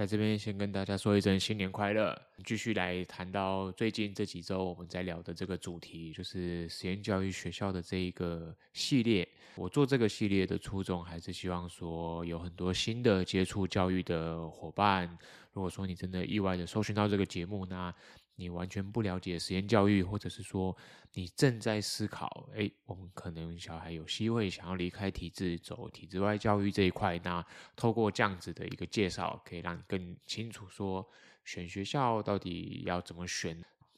在這邊先跟大家說一聲，新年快樂。繼續來談到最近這幾周我們在聊的這個主題，就是實驗教育學校的這一個系列。我做這個系列的初衷，還是希望說有很多新的接觸教育的夥伴，如果說你真的意外的搜尋到這個節目，那。你完全不了解實驗教育，或者是說你正在思考，哎、欸，我們可能小孩有機會想要離開體制，走體制外教育這一塊。那透過這樣子的一個介紹，可以讓你更清楚說選學校到底要怎麼選。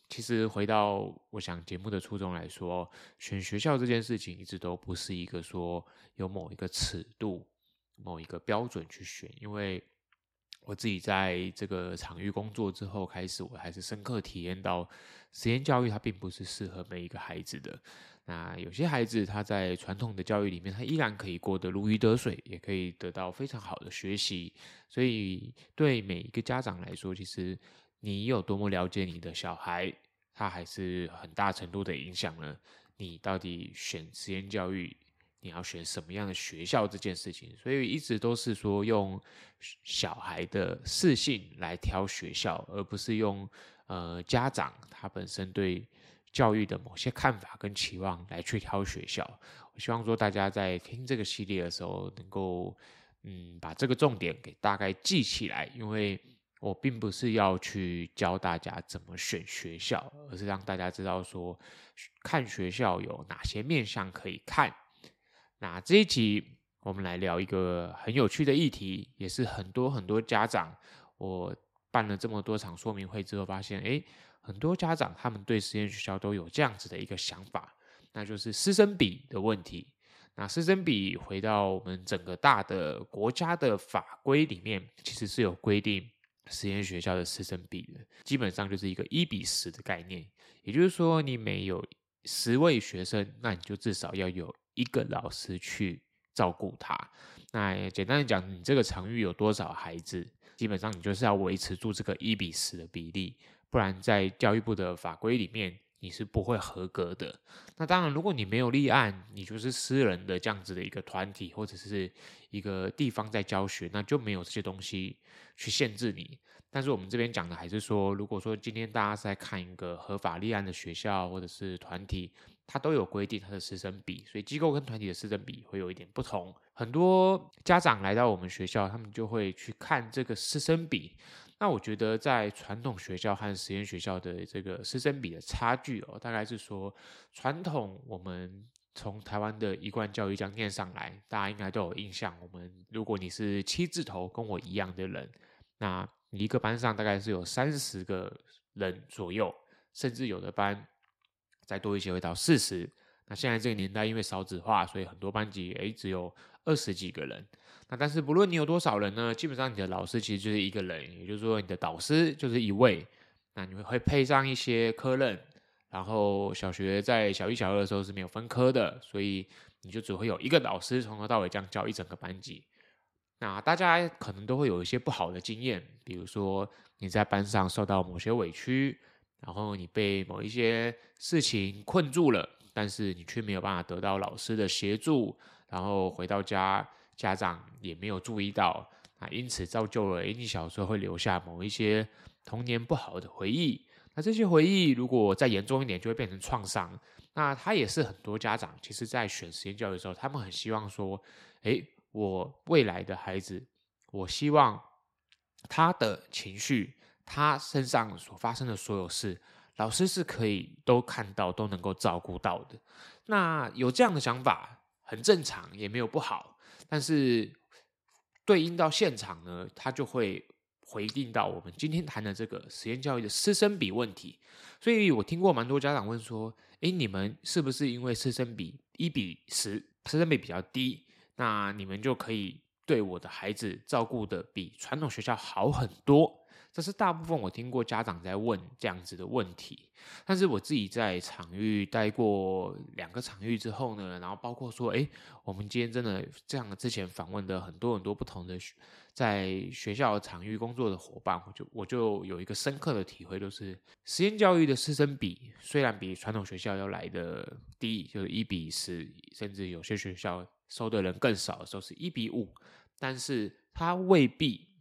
其實回到我想節目的初衷來說，選學校這件事情一直都不是一個說有某一個尺度，某一個標準去選，因為。我自己在這個場域工作之後開始，我還是深刻體驗到，實驗教育它並不是適合每一個孩子的。那有些孩子他在傳統的教育裡面，他依然可以過得如魚得水，也可以得到非常好的學習。所以對每一個家長來說，其實你有多麼了解你的小孩，他還是很大程度的影響了你到底選實驗教育，你要選什麼樣的學校這件事情，所以一直都是說用小孩的個性來挑學校，而不是用呃家長他本身對教育的某些看法跟期望來去挑學校。我希望說大家在聽這個系列的時候能，能夠嗯把這個重點給大概記起來，因為我並不是要去教大家怎麼選學校，而是讓大家知道說看學校有哪些面向可以看。那這一期我們來聊一個很有趣的議題，也是很多很多家長，我辦了這麼多場說明會之後，發現誒、欸，很多家長他們對實驗學校都有這樣子的一個想法，那就是師生比的問題。那師生比回到我們整個大的國家的法規裡面，其實是有規定實驗學校的師生比的，基本上就是一個一比十的概念，也就是說你每有十位學生，那你就至少要有。一個老師去照顧他。那簡單講，你這個場域有多少孩子，基本上你就是要維持住這個一比十的比例，不然在教育部的法規裡面你是不會合格的。那當然，如果你沒有立案，你就是私人的這樣子的一個團體或者是一個地方在教學，那就沒有這些東西去限制你。但是我們這邊講的還是說，如果說今天大家是在看一個合法立案的學校或者是團體。它都有規定它的師生比，所以機構跟團體的師生比會有一點不同。很多家長來到我們學校，他們就會去看這個師生比。那我覺得在傳統學校和實驗學校的這個師生比的差距哦，大概是說，傳統我們從台灣的一貫教育這樣念上來，大家應該都有印象。我們如果你是七字頭跟我一樣的人，那一個班上大概是有三十個人左右，甚至有的班。再多一些會到四十。那現在這個年代，因為少子化，所以很多班級誒、欸、只有二十幾個人。那但是不論你有多少人呢，基本上你的老師其實就是一個人，也就是說你的導師就是一位。那你會配上一些科任。然後小學在小一、小二的時候是沒有分科的，所以你就只會有一個導師從頭到尾這樣教一整個班級。那大家可能都會有一些不好的經驗，比如說你在班上受到某些委屈。然後你被某一些事情困住了，但是你卻沒有辦法得到老師的協助，然後回到家，家長也沒有注意到，啊，因此造就了欸你小時候會留下某一些童年不好的回憶。那這些回憶如果再嚴重一點，就會變成創傷。那他也是很多家長，其實在選實驗教育的時候，他們很希望說，哎，我未來的孩子，我希望他的情緒。他身上所發生的所有事，老師是可以都看到，都能夠照顧到的。那有這樣的想法很正常，也沒有不好。但是對應到現場呢，他就會回應到我們今天談的這個實驗教育的師生比問題。所以我聽過蠻多家長問說：“誒、欸，你們是不是因為師生比一比十，師生比比較低，那你們就可以對我的孩子照顧得比傳統學校好很多？”這是大部分我聽過家長在問這樣子的問題，但是我自己在場域待過兩個場域之後呢，然後包括說，哎，我們今天真的這樣之前訪問的很多很多不同的在學校場域工作的夥伴，我就我就有一個深刻的體會，就是實驗教育的師生比雖然比傳統學校要來的低，就是一比十，甚至有些學校收的人更少的時候是一比五，但是它未必。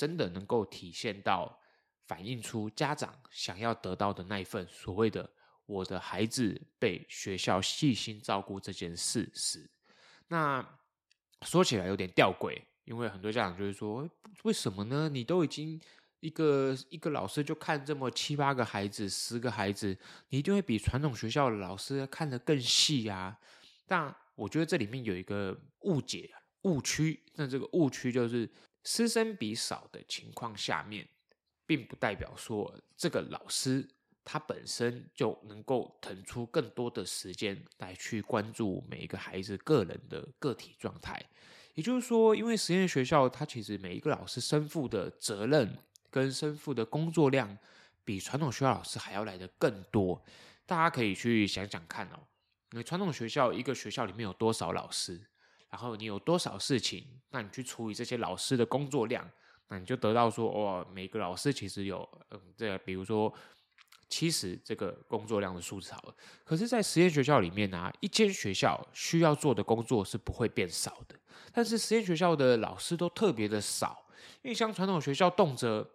真的能夠體現到、反映出家長想要得到的那一份所謂的“我的孩子被學校細心照顧”這件事實。那說起來有點吊詭，因為很多家長就會說：“為什麼呢？你都已經一個一個老師就看這麼七八個孩子、十個孩子，你一定會比傳統學校的老師看得更細啊？”但我覺得這裡面有一個誤解、誤區。那這個誤區就是。師生比少的情況下面，並不代表說這個老師他本身就能夠騰出更多的時間來去關注每一個孩子個人的個體狀態。也就是說，因為實驗學校，他其實每一個老師身負的責任跟身負的工作量，比傳統學校老師還要來得更多。大家可以去想想看哦、喔，因為傳統學校一個學校裡面有多少老師？然後你有多少事情？那你去處理這些老師的工作量，那你就得到說，哦，每個老師其實有，嗯，這比如說，七十這個工作量的數字好了。可是，在實驗學校裡面呢啊，一間學校需要做的工作是不會變少的。但是，實驗學校的老師都特別的少，因為像傳統學校動輒，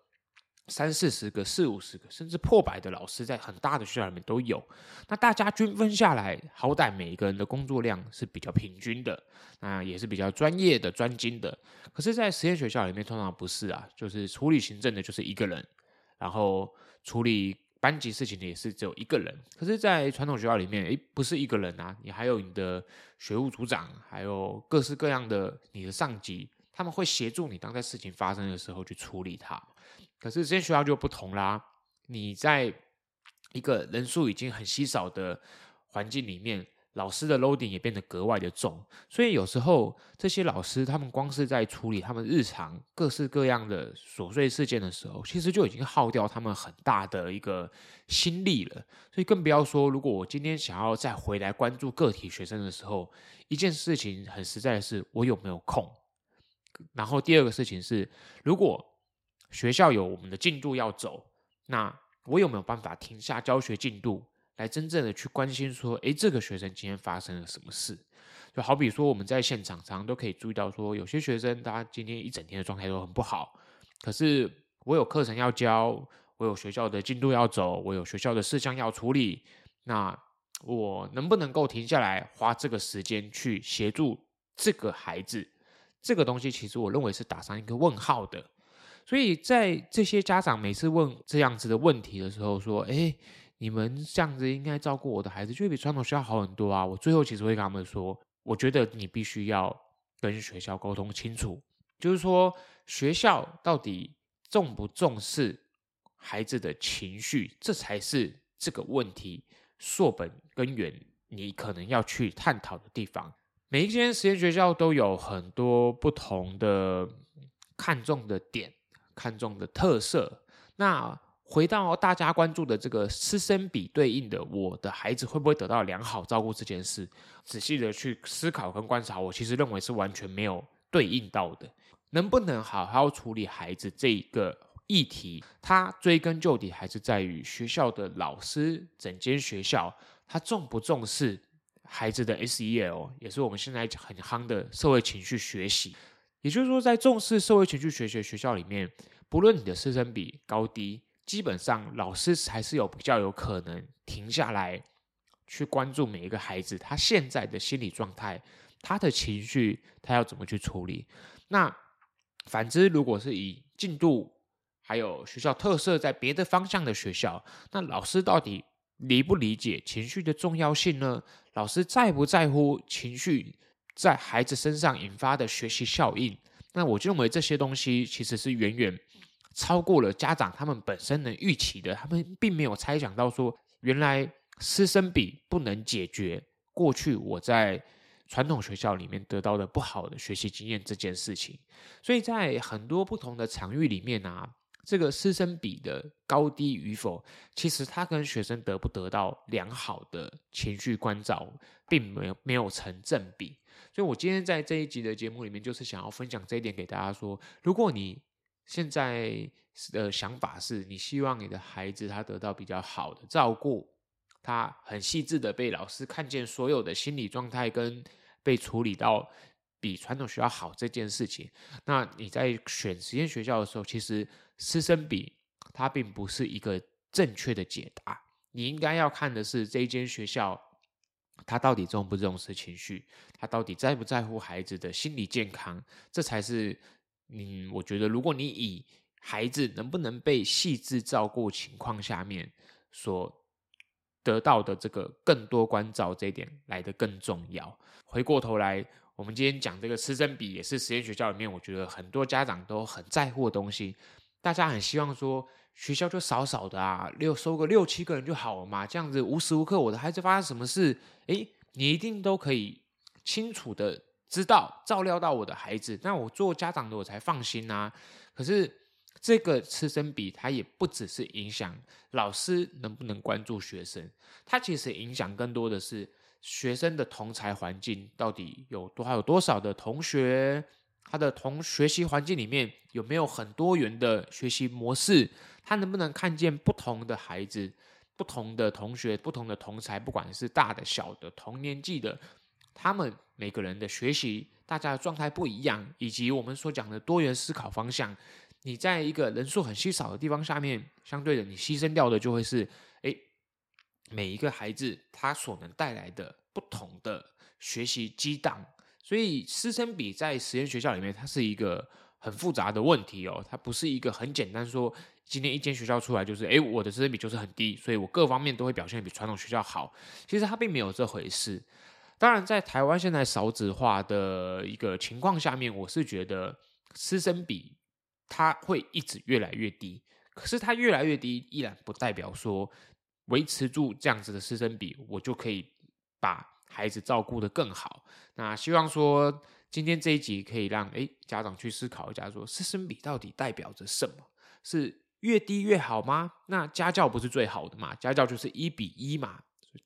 三四十個、四五十個，甚至破百的老師，在很大的學校裡面都有。那大家均分下來，好歹每一個人的工作量是比較平均的，那也是比較專業的、專精的。可是，在實驗學校裡面，通常不是啊，就是處理行政的，就是一個人；然後處理班級事情的，也是只有一個人。可是，在傳統學校裡面，欸，不是一個人啊，你還有你的學務組長，還有各式各樣的你的上級。他們會協助你，當在事情發生的時候去處理它。可是這些學校就不同啦，你在一個人數已經很稀少的環境裡面，老師的 loading 也變得格外的重。所以有時候這些老師，他們光是在處理他們日常各式各樣的瑣碎事件的時候，其實就已經耗掉他們很大的一個心力了。所以更不要說，如果我今天想要再回來關注個體學生的時候，一件事情很實在的是，我有沒有空？然後第二個事情是，如果學校有我們的進度要走，那我有沒有辦法停下教學進度，來真正的去關心說，誒，這個學生今天發生了什麼事？就好比說，我們在現場常常都可以注意到說，說有些學生他今天一整天的狀態都很不好，可是我有課程要教，我有學校的進度要走，我有學校的事項要處理，那我能不能夠停下來，花這個時間去協助這個孩子？這個東西其實我認為是打上一個問號的，所以在這些家長每次問這樣子的問題的時候，說：“哎，你們這樣子應該照顧我的孩子，就會比傳統學校好很多啊。”我最後其實會跟他們說，我覺得你必須要跟學校溝通清楚，就是說學校到底重不重視孩子的情緒，這才是這個問題，溯本根源，你可能要去探討的地方。每一間實驗學校都有很多不同的看重的點，看重的特色。那回到大家關注的這個師生比對應的，我的孩子會不會得到良好照顧這件事，仔細的去思考跟觀察，我其實認為是完全沒有對應到的。能不能好好處理孩子這一個議題，它追根究底還是在於學校的老師，整間學校他重不重視？孩子的 SEL 也是我們現在很夯的社會情緒學習。也就是說，在重視社會情緒學習的學校裡面，不論你的師生比高低，基本上老師還是有比較有可能停下來去關注每一個孩子他現在的心理狀態、他的情緒，他要怎麼去處理。那反之，如果是以進度還有學校特色在別的方向的學校，那老師到底理不理解情緒的重要性呢？老師在不在乎情緒在孩子身上引發的學習效應？那我認為這些東西其實是遠遠超過了家長他們本身能預期的，他們並沒有猜想到說，原來師生比不能解決過去我在傳統學校裡面得到的不好的學習經驗這件事情。所以在很多不同的場域裡面啊。這個師生比的高低與否，其實他跟學生得不得到良好的情緒關照，並沒有沒有成正比。所以，我今天在這一集的節目裡面，就是想要分享這一點給大家：說，如果你現在的想法是，你希望你的孩子他得到比較好的照顧，他很細緻的被老師看見所有的心理狀態跟被處理到比傳統學校好這件事情，那你在選實驗學校的時候，其實師生比，它並不是一個正確的解答。你應該要看的是這間學校，它到底重不重視情緒，它到底在不在乎孩子的心理健康。這才是，嗯，我覺得如果你以孩子能不能被細緻照顧情況下面所得到的這個更多關照，這一點來得更重要。回過頭來，我們今天講這個師生比，也是實驗學校裡面，我覺得很多家長都很在乎的東西。大家很希望說，學校就少少的啊，六收個六七個人就好了嘛。這樣子無時無刻我的孩子發生什麼事，哎、欸，你一定都可以清楚的知道，照料到我的孩子，那我做家長的我才放心啊。可是這個師生比，它也不只是影響老師能不能關注學生，它其實影響更多的是學生的同儕環境到底有多還有多少的同學。他的同學習環境裡面有沒有很多元的學習模式？他能不能看見不同的孩子、不同的同學、不同的同儕，不管是大的、小的、同年紀的，他們每個人的學習，大家的狀態不一樣，以及我們所講的多元思考方向，你在一個人數很稀少的地方下面，相對的，你犧牲掉的就會是，哎、欸，每一個孩子他所能帶來的不同的學習激盪。所以，師生比在實驗學校裡面，它是一個很複雜的問題哦。它不是一個很簡單說，今天一間學校出來就是，哎，我的師生比就是很低，所以我各方面都會表現比傳統學校好。其實它並沒有這回事。當然，在台灣現在少子化的一個情況下面，我是覺得師生比它會一直越來越低。可是它越來越低，依然不代表說維持住這樣子的師生比，我就可以把。孩子照顧得更好，那希望說今天這一集可以讓哎、欸、家長去思考一下說，說師生比到底代表着什麼？是越低越好嗎？那家教不是最好的嘛？家教就是一比一嘛。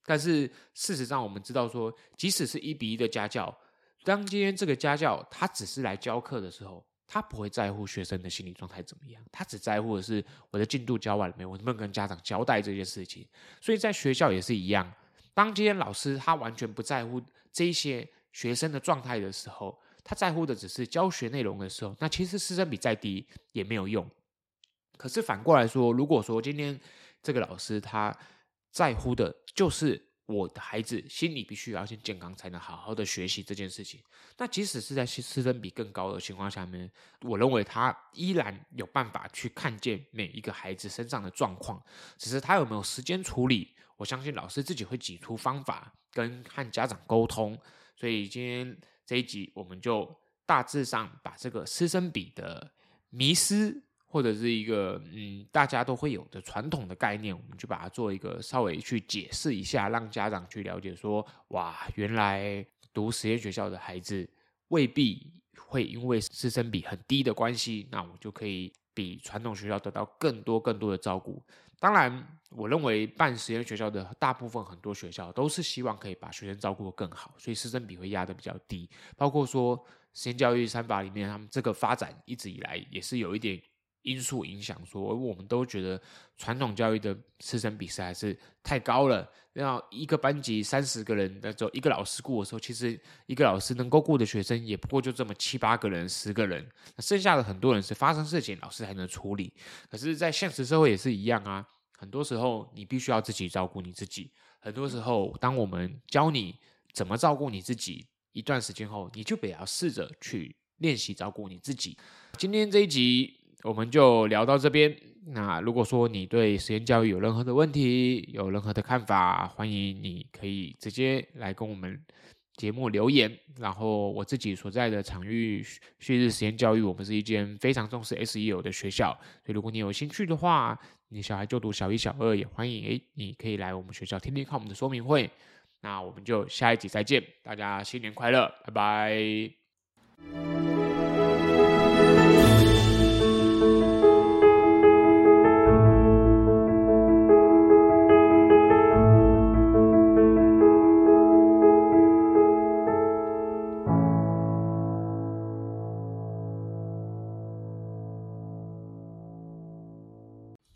但是事實上我們知道說，即使是一比一的家教，當今天這個家教他只是來教課的時候，他不會在乎學生的心理狀態怎麼樣，他只在乎的是我的進度教完了沒有，我能不能跟家長交代這件事情。所以在學校也是一樣。當今天老師他完全不在乎這些學生的狀態的時候，他在乎的只是教學內容的時候，那其實師生比再低也沒有用。可是反過來說，如果說今天這個老師他在乎的就是我的孩子心理必須要先健康才能好好的學習這件事情，那即使是在師生比更高的情況下面，我認為他依然有辦法去看見每一個孩子身上的狀況，只是他有沒有時間處理。我相信老師自己會擠出方法跟和家長溝通，所以今天這一集我們就大致上把這個師生比的迷思，或者是一個嗯大家都會有的傳統的概念，我們就把它做一個稍微去解釋一下，讓家長去了解說，哇，原來讀實驗學校的孩子未必會因為師生比很低的關係，那我就可以。比傳統學校得到更多更多的照顧，當然，我認為辦實驗學校的大部分很多學校都是希望可以把學生照顧得更好，所以師生比會壓得比較低。包括說，實驗教育三法裡面，他們這個發展一直以來也是有一點。因素影響，說，而我們都覺得傳統教育的師生比還是太高了。那一個班級三十個人，那只有一個老師顧的時候，其實一個老師能夠顧的學生也不過就這麼七八個人、十個人。那剩下的很多人是發生事情，老師才能處理。可是，在現實社會也是一樣啊。很多時候，你必須要自己照顧你自己。很多時候，當我們教你怎麼照顧你自己一段時間後，你就得要試着去練習照顧你自己。今天這一集。我們就聊到這邊。那如果說你對實驗教育有任何的問題，有任何的看法，歡迎你可以直接來跟我們節目留言。然後我自己所在的場域旭日實驗教育，我們是一間非常重視 S.E.L 的學校，所以如果你有興趣的話，你小孩就讀小一、小二，也歡迎，誒，你可以來我們學校聽聽看我們的說明會。那我們就下一集再見，大家新年快樂，拜拜。